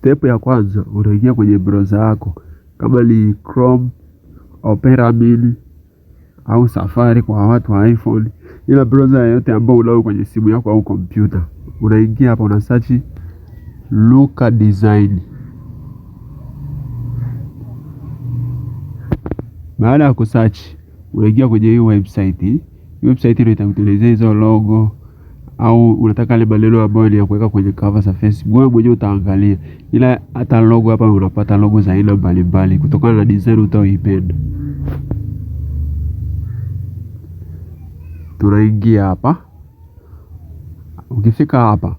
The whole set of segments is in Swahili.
Step ya kwanza unaingia kwenye browser yako kama ni Chrome, Opera mini au Safari kwa watu wa iPhone, ila browser yoyote ambayo unao kwenye simu yako au kompyuta, unaingia hapa una search Luka Design. Baada ya kusearch, unaingia kwenye hii website. Hii website ndio itakutengenezea hizo logo au unataka ile balelo ambayo ni ya kuweka kwenye cover za Facebook, wewe mwenyewe utaangalia, ila hata logo hapa unapata logo za aina mbalimbali kutokana na design utaoipenda. Tunaingia hapa. Ukifika hapa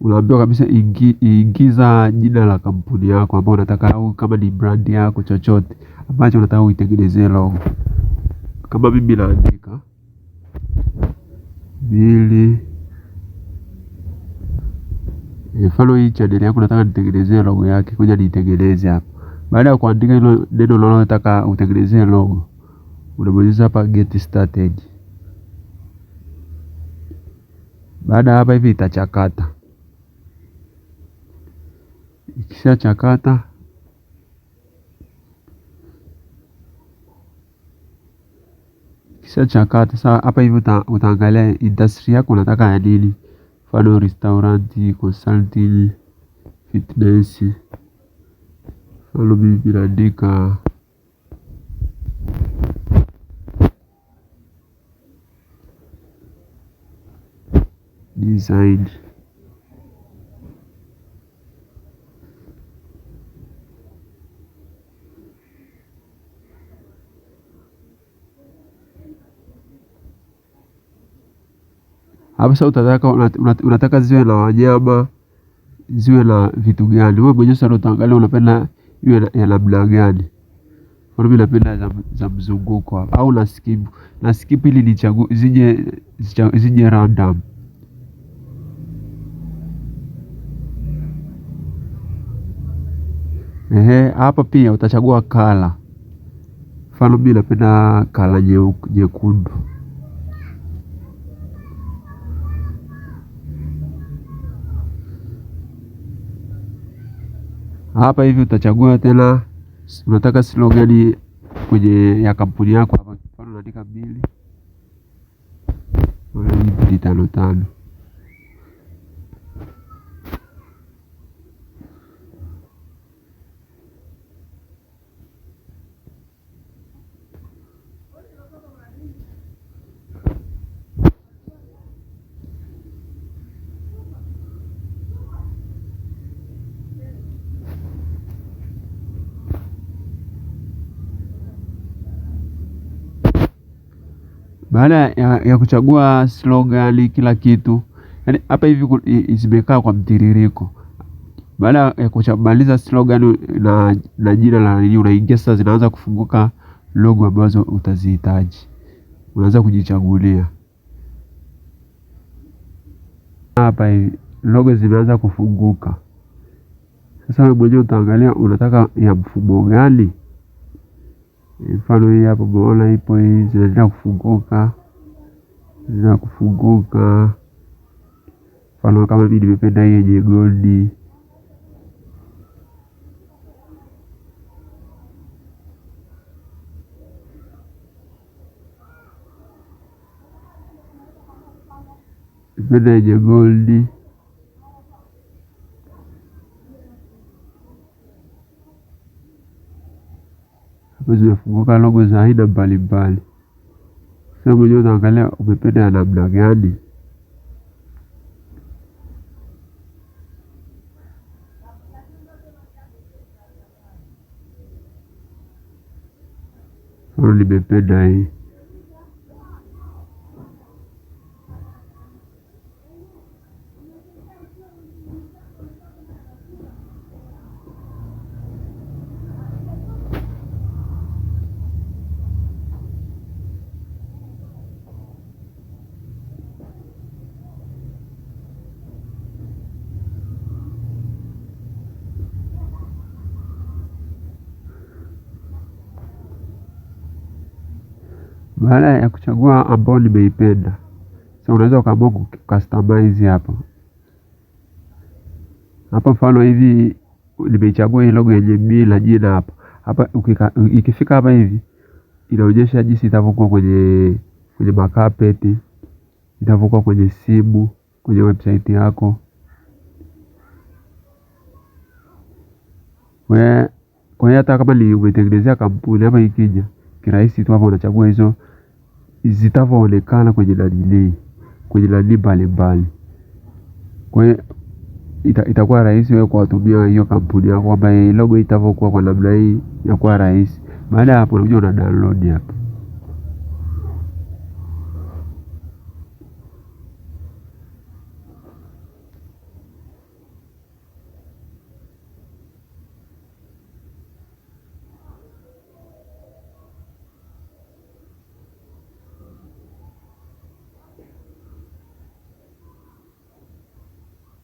unaambiwa kabisa ingi, ingiza jina la kampuni yako ambayo unataka au kama ni brand yako chochote ambacho unataka uitengenezee logo. Kama mimi naandika mbili Mfano eh, hii channel yako nataka nitengenezee logo yake, kuja nitengeneze hapa. Baada ya kuandika hilo neno lolo nataka utengenezee logo, unabonyeza hapa get started. Baada hapa hivi itachakata, ikisha chakata ikisha chakata, sasa hapa hivi utaangalia industry yako unataka ya nini mfano restauranti, consulting, fitness. Mfano mimi naandika design. sasa utataka unataka ziwe na wanyama, ziwe na vitu gani? Wewe mwenyewe sasa utaangalia unapenda iwe ya namna gani. Kwa mimi napenda za, za mzunguko au na skip na skip ili nichague zije zije random. Ehe, hapa pia utachagua kala. Mfano mimi napenda kala nyekundu nyekundu. Hapa hivi utachagua tena, unataka slogan kwenye ya kampuni yako. Hapa mfano unaandika mbili mbili tano tano. baada ya, ya kuchagua slogan kila kitu, yani hapa hivi zimekaa kwa mtiririko. Baada ya kumaliza slogan na, na jina la nini, unaingia sasa, zinaanza kufunguka logo ambazo utazihitaji, unaanza kujichagulia hapa hivi logo zimeanza kufunguka sasa. mwenyewe utaangalia unataka ya mfumo gani. Mfano hii hapo mnaona ipo hii zinaendelea kufunguka, zinaendelea kufunguka. Mfano kama mimi nimependa hii yenye goldi nimependa yenye goldi zimefunguka logo za aina mbalimbali. Sasa mwenyewe unaangalia umependa ya namna gani. Nimependa hii. Baada ya kuchagua ambao nimeipenda, sasa unaweza ukaamua kucustomize hapa hapa. Mfano hivi nimeichagua hii logo yenye mimi na jina hapo hapa. Ikifika hapa hivi inaonyesha jinsi itavyokuwa kwenye kwenye makapeti, itavyokuwa kwenye simu, kwenye website yako kwa hiyo hata kama umetengenezea kampuni hapa, ikija kirahisi tu hapa unachagua hizo zitavyoonekana kwenye dalili kwenye dalili mbalimbali. Kwa hiyo ita, itakuwa rahisi wewe kuwatumia hiyo kampuni yako kwamba eh, logo itavyokuwa kwa namna hii, inakuwa rahisi. Baada ya hapo unakuja una download hapo